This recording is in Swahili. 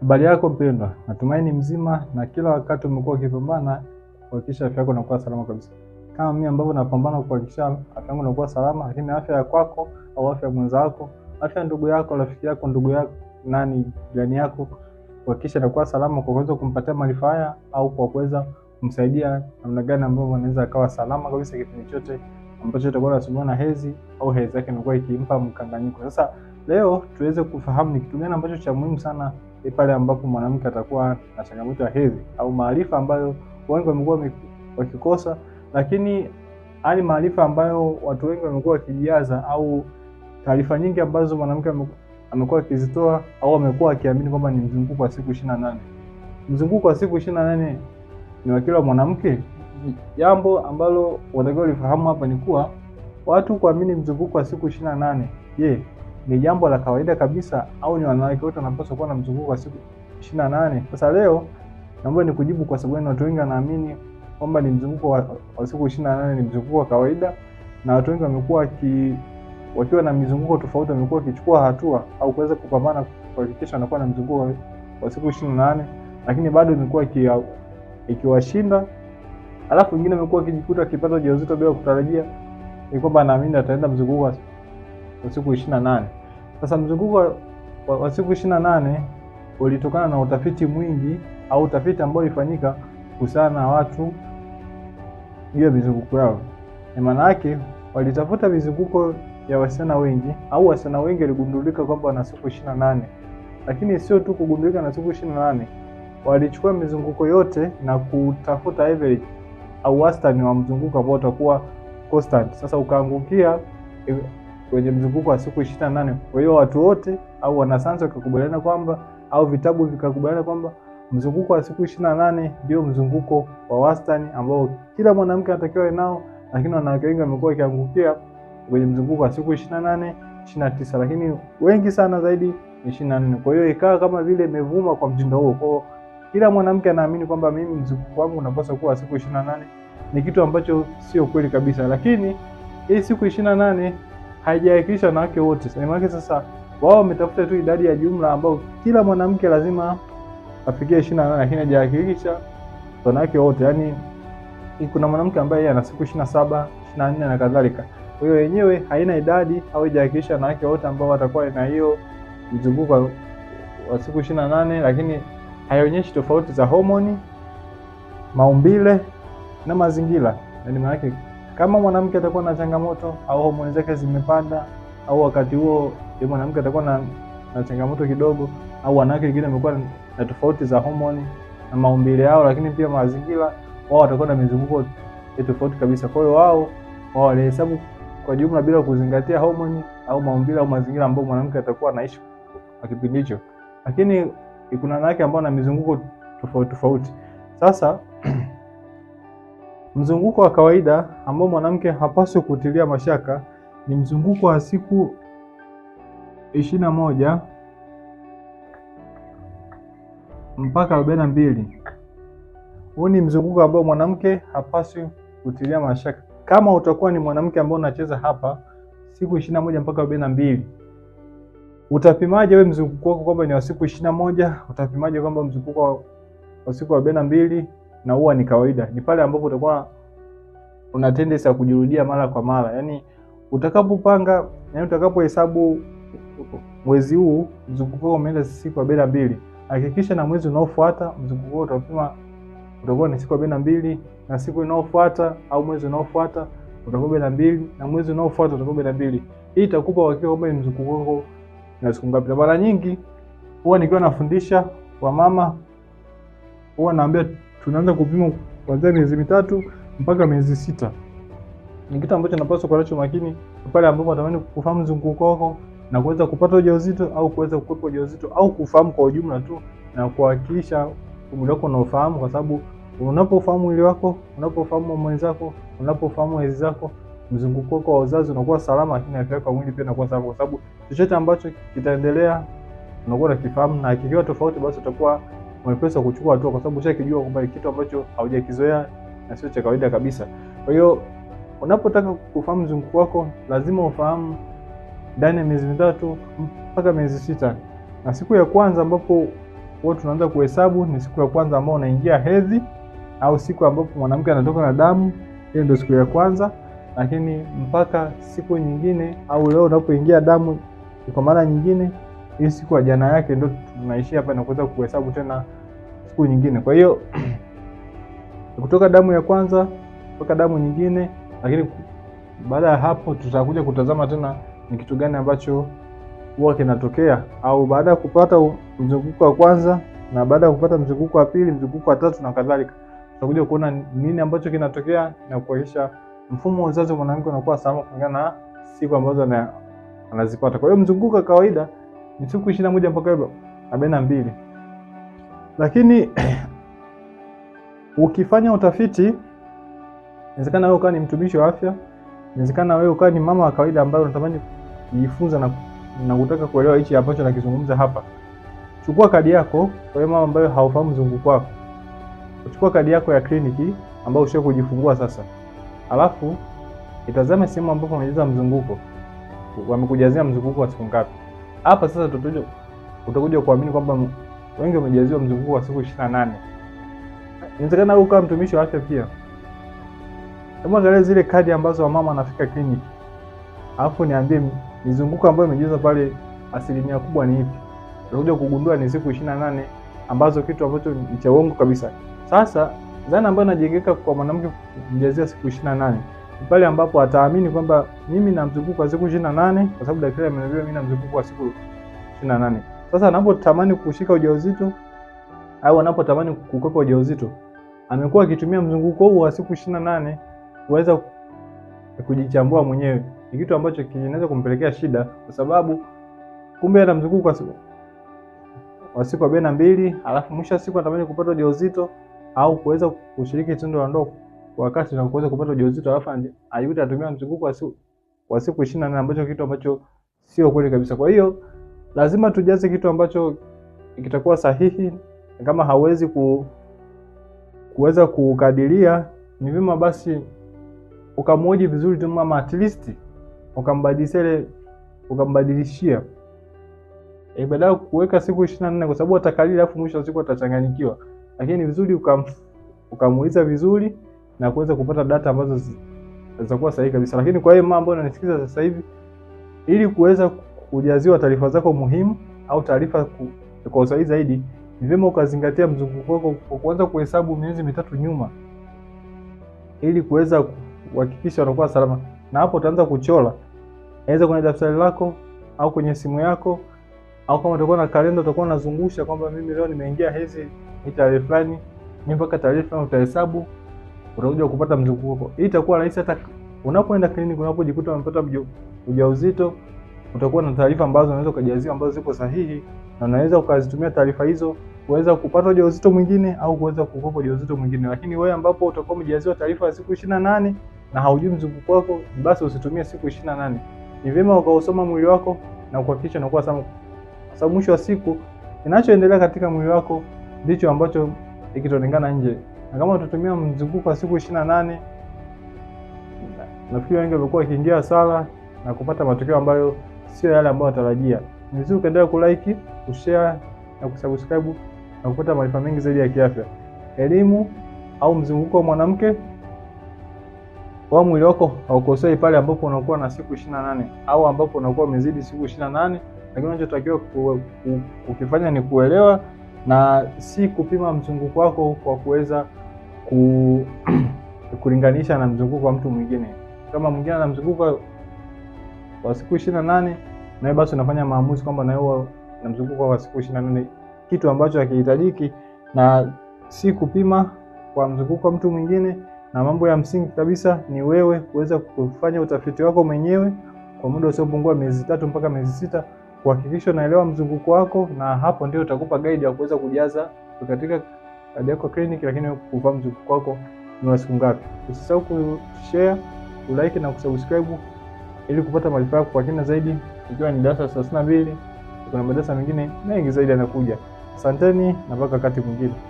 Habari yako mpendwa, natumaini mzima na kila wakati umekuwa ukipambana kuhakikisha afya yako inakuwa salama kabisa, kama mimi ambavyo napambana kuhakikisha afya yangu inakuwa salama, lakini afya ya kwako au afya ya mwenzako, afya ya ndugu yako, rafiki yako, ndugu yako, nani, jirani yako, kuhakikisha inakuwa salama kwa kuweza kumpatia maarifa haya au kwa kuweza kumsaidia namna gani ambavyo anaweza akawa salama kabisa kipindi chote ambacho itakuwa anasumbuliwa na hezi au hezi yake inakuwa ikimpa mkanganyiko. Sasa leo tuweze kufahamu ni kitu gani ambacho cha muhimu sana ni pale ambapo mwanamke atakuwa na changamoto ya hedhi au maarifa ambayo wengi wamekuwa wakikosa, lakini hali maarifa ambayo watu wengi wamekuwa wakijiaza au taarifa nyingi ambazo mwanamke amekuwa akizitoa au amekuwa akiamini kwamba ni mzunguko wa siku 28. na nane. Mzunguko wa siku 28 na nane ni wa kila mwanamke. Jambo ambalo watakiwa lifahamu hapa ni kuwa watu kuamini mzunguko wa siku 28, na nane. Je, ni jambo la kawaida kabisa, au ni wanawake wote wanapaswa kuwa na mzunguko wa siku 28? Sasa leo naomba ni kujibu kwa sababu watu wengi wanaamini kwamba ni mzunguko wa, wa siku 28 ni mzunguko wa kawaida, na watu wengi wamekuwa ki, wakiwa na mizunguko tofauti, wamekuwa wakichukua hatua au kuweza kupambana kuhakikisha wanakuwa na mzunguko wa, wa siku 28, lakini bado imekuwa ikiwashinda. Alafu wengine wamekuwa wakijikuta wakipata ujauzito bila kutarajia, ni kwamba anaamini ataenda mzunguko wa siku ishirini na nane. Sasa mzunguko wa, wa wa siku ishirini na nane ulitokana na utafiti mwingi au utafiti ambao ulifanyika kuhusiana na watu hiyo mizunguko yao. Maana yake walitafuta mizunguko ya wasichana wengi au wasichana wengi waligundulika kwamba wana siku ishirini na nane, lakini sio tu kugundulika na siku ishirini na nane, walichukua mizunguko yote na kutafuta average au wastani wa mzunguko ambao utakuwa constant. Sasa ukaangukia kwenye mzunguko wa siku ishirini na nane. Kwa hiyo watu wote au wanasayansi wakakubaliana kwamba au vitabu vikakubaliana kwamba mzunguko wa siku ishirini na nane ndio mzunguko wa wastani ambao kila mwanamke anatakiwa awe nao, lakini wanawake wengi wamekuwa wakiangukia kwenye mzunguko wa siku ishirini na nane ishirini na tisa, lakini wengi sana zaidi ishirini na nne. Kwa hiyo ikawa kama vile imevuma kwa mtindo huo. Kwa kila mwanamke anaamini kwamba mimi mzunguko wangu unapaswa kuwa siku ishirini na nane. Ni kitu ambacho sio kweli kabisa, lakini hii siku ishirini na nane haijawakilishwa wanawake wote. Maanake sasa wao wametafuta tu idadi ya jumla ambayo kila mwanamke lazima afikie 28 na nane lakini hajawakilisha wanawake wote. Yaani kuna mwanamke ambaye ana siku 27, 24 na kadhalika. Kwa hiyo yenyewe haina idadi au haijawakilisha wanawake wote ambao watakuwa na hiyo mzunguko wa siku 28, lakini haionyeshi tofauti za homoni, maumbile na mazingira, yaani maanake kama mwanamke atakuwa na changamoto au homoni zake zimepanda, au wakati huo mwanamke atakuwa na, na changamoto kidogo, au wanawake wengine wamekuwa na tofauti za homoni na maumbile yao, lakini pia mazingira, wao watakuwa na mizunguko tofauti kabisa. Kwa hiyo wao wao walihesabu kwa jumla bila kuzingatia homoni au maumbile au mazingira ambayo mwanamke atakuwa anaishi kwa kipindi hicho, lakini kuna wanawake ambao na mizunguko tofauti tofauti. Sasa Mzunguko wa kawaida ambao mwanamke hapaswi kutilia mashaka ni mzunguko wa siku ishirini na moja mpaka arobaini na mbili. Huu ni mzunguko ambao mwanamke hapaswi kutilia mashaka. Kama utakuwa ni mwanamke ambao unacheza hapa siku ishirini na moja mpaka arobaini na mbili, utapimaje we mzunguko wako kwamba ni wa siku ishirini na moja? Utapimaje kwamba mzunguko wa siku arobaini na mbili? na huwa ni kawaida, ni pale ambapo utakuwa una tendency ya kujirudia mara kwa mara, Yani utakapopanga, yani utakapohesabu mwezi huu mzunguko wako umeenda siku arobaini na mbili, hakikisha na mwezi unaofuata mzunguko wako utapima utakuwa ni siku arobaini na mbili, na siku inayofuata au mwezi unaofuata utakuwa arobaini na mbili, na mwezi unaofuata utakuwa arobaini na mbili. Hii itakupa uhakika kwamba ni mzunguko wako na siku ngapi. Mara nyingi huwa nikiwa nafundisha mama huwa naambia tunaanza kupima kuanzia miezi mitatu mpaka miezi sita. Ni kitu ambacho napaswa kuwa nacho makini pale ambapo natamani kufahamu mzunguko wako na kuweza kupata ujauzito au kuweza kukwepa ujauzito au kufahamu kwa ujumla tu na kuhakikisha mwili wako unaofahamu, kwa sababu unapofahamu mwili wako, unapofahamu homoni zako, unapofahamu hedhi zako, mzunguko wako wa uzazi unakuwa salama, lakini afya yako ya mwili pia inakuwa salama, kwa sababu chochote ambacho kitaendelea unakuwa unakifahamu, na kikiwa tofauti, basi utakuwa mwepesi kuchukua hatua, kwa sababu ushakijua kwamba kitu ambacho haujakizoea na sio cha kawaida kabisa. Kwa hiyo unapotaka kufahamu mzunguko wako, lazima ufahamu ndani ya miezi mitatu mpaka miezi sita, na siku ya kwanza ambapo huwa tunaanza kuhesabu ni siku ya kwanza ambao unaingia hedhi au siku ambapo mwanamke anatoka na damu. Hiyo ndio siku ya kwanza, lakini mpaka siku nyingine au leo unapoingia damu kwa mara nyingine, hii siku ya jana yake ndio tunaishia hapa na kuweza kuhesabu tena siku nyingine. Kwa hiyo kutoka damu ya kwanza mpaka damu nyingine, lakini baada ya hapo tutakuja kutazama tena ni kitu gani ambacho huwa kinatokea, au baada ya kupata mzunguko wa kwanza na baada ya kupata mzunguko wa pili, mzunguko wa tatu na kadhalika, tutakuja kuona nini ambacho kinatokea na kuhakikisha mfumo wa uzazi wa mwanamke unakuwa salama kulingana na siku ambazo anazipata. Kwa hiyo mzunguko wa kawaida ni siku ishirini na moja mpaka arobaini na mbili lakini ukifanya utafiti, inawezekana wewe ukawa ni mtumishi wa afya, inawezekana wewe ukawa ni mama wa kawaida ambaye unatamani kujifunza na, na kutaka kuelewa hichi ambacho nakizungumza hapa. Chukua kadi yako, kwa mama ambayo haufahamu mzunguko wako, chukua kadi yako ya kliniki ambayo ushawahi kujifungua sasa, alafu itazame sehemu ambapo unajaza mzunguko, wamekujazia mzunguko wa siku ngapi. Hapa sasa tutakuja utakuja kuamini kwamba wengi wamejaziwa mzunguko wa siku ishirini na nane. Inawezekana wewe ukawa mtumishi wa afya pia. Hebu angalia zile kadi ambazo wamama wanafika kliniki, alafu niambie mizunguko ambayo imejaza pale asilimia kubwa ni ipi? Utakuja kugundua ni siku ishirini na nane ambazo kitu ambacho ni cha uongo kabisa. Sasa dhana ambayo najengeka kwa mwanamke kumjazia siku ishirini na nane ni pale ambapo ataamini kwamba mimi na mzunguko wa siku ishirini na nane kwa sababu daktari ameniambia mimi na mzunguko wa siku ishirini na nane. Sasa anapotamani kushika ujauzito au anapotamani kukwepa ujauzito, amekuwa akitumia mzunguko huu wa siku 28 kuweza kujichambua mwenyewe. Ni kitu ambacho kinaweza kumpelekea shida, kwa sababu kumbe ana mzunguko wa siku wa siku arobaini na mbili alafu mwisho wa siku anatamani kupata ujauzito au kuweza kushiriki tendo la ndoa kwa wakati na kuweza kupata ujauzito, alafu ayuta atumia mzunguko wa siku wa siku 28 ambacho kitu ambacho sio kweli kabisa. Kwa hiyo lazima tujaze kitu ambacho kitakuwa sahihi. Kama hawezi ku, kuweza kukadiria, ni vyema basi ukamwoji vizuri tu mama, at least ukambadilishia ukambadilishia eh, e, badala kuweka siku 24 kwa sababu atakalili, alafu mwisho wa siku atachanganyikiwa. Lakini ni vizuri ukam, ukamuuliza vizuri na kuweza kupata data ambazo zitakuwa sahihi kabisa. Lakini kwa hiyo mama ambayo unanisikiza sasa hivi ili kuweza ku, ujaziwa taarifa zako muhimu au taarifa kwa usahihi zaidi, ni vyema ukazingatia mzunguko wako kwa kuanza kuhesabu miezi mitatu nyuma, ili kuweza kuhakikisha unakuwa salama. Na hapo utaanza kuchora, aweza kwenye daftari lako au kwenye simu yako, au kama utakuwa na kalenda utakuwa unazungusha kwamba mimi leo nimeingia hizi ni tarehe fulani, ni mpaka tarehe fulani, utahesabu utakuja kupata mzunguko wako. Hii itakuwa rahisi hata unapoenda kliniki, unapojikuta umepata ujauzito utakuwa na taarifa ambazo unaweza ukajaziwa ambazo zipo sahihi, na unaweza ukazitumia taarifa hizo kuweza kupata ujauzito mwingine au kuweza kukopa ujauzito mwingine. Lakini wewe ambapo utakuwa umejaziwa taarifa ya siku 28 na haujui mzunguko wako, basi usitumie siku 28. Ni vyema ukausoma mwili wako na kuhakikisha unakuwa sawa, kwa sababu mwisho wa siku kinachoendelea katika mwili wako ndicho ambacho ikitaonekana nje, na kama utatumia mzunguko wa siku 28, nafikiri wengi wamekuwa wakiingia sala na kupata matokeo ambayo sio yale ambayo natarajia. Ni vizuri ukaendelea kulike, kushare na kusubscribe na kupata maarifa mengi zaidi ya kiafya, elimu au mzunguko wa mwanamke wa mwili wako haukosei pale ambapo unakuwa na siku 28 au ambapo unakuwa umezidi siku 28, lakini unachotakiwa kukifanya ni kuelewa na si kupima mzunguko wako kwa kuweza ku kulinganisha na mzunguko wa mtu mwingine. Kama mwingine ana mzunguko kwa siku 28 na nane wewe basi unafanya maamuzi kwamba na wewe na mzunguko wa siku 28 kitu ambacho hakihitajiki na si kupima kwa mzunguko wa mtu mwingine, na mambo ya msingi kabisa ni wewe kuweza kufanya utafiti wako mwenyewe kwa muda usiopungua miezi tatu mpaka miezi sita, kuhakikisha unaelewa mzunguko wako, na hapo ndio utakupa guide ya kuweza kujaza katika kadi yako clinic, lakini kuvaa mzunguko wako ni wa siku ngapi. Usisahau kushare, kulike na kusubscribe. Ili kupata maarifa yako kwa kina zaidi, ikiwa ni darasa la 32, kuna madarasa mengine mengi zaidi yanakuja. Asanteni na mpaka wakati mwingine.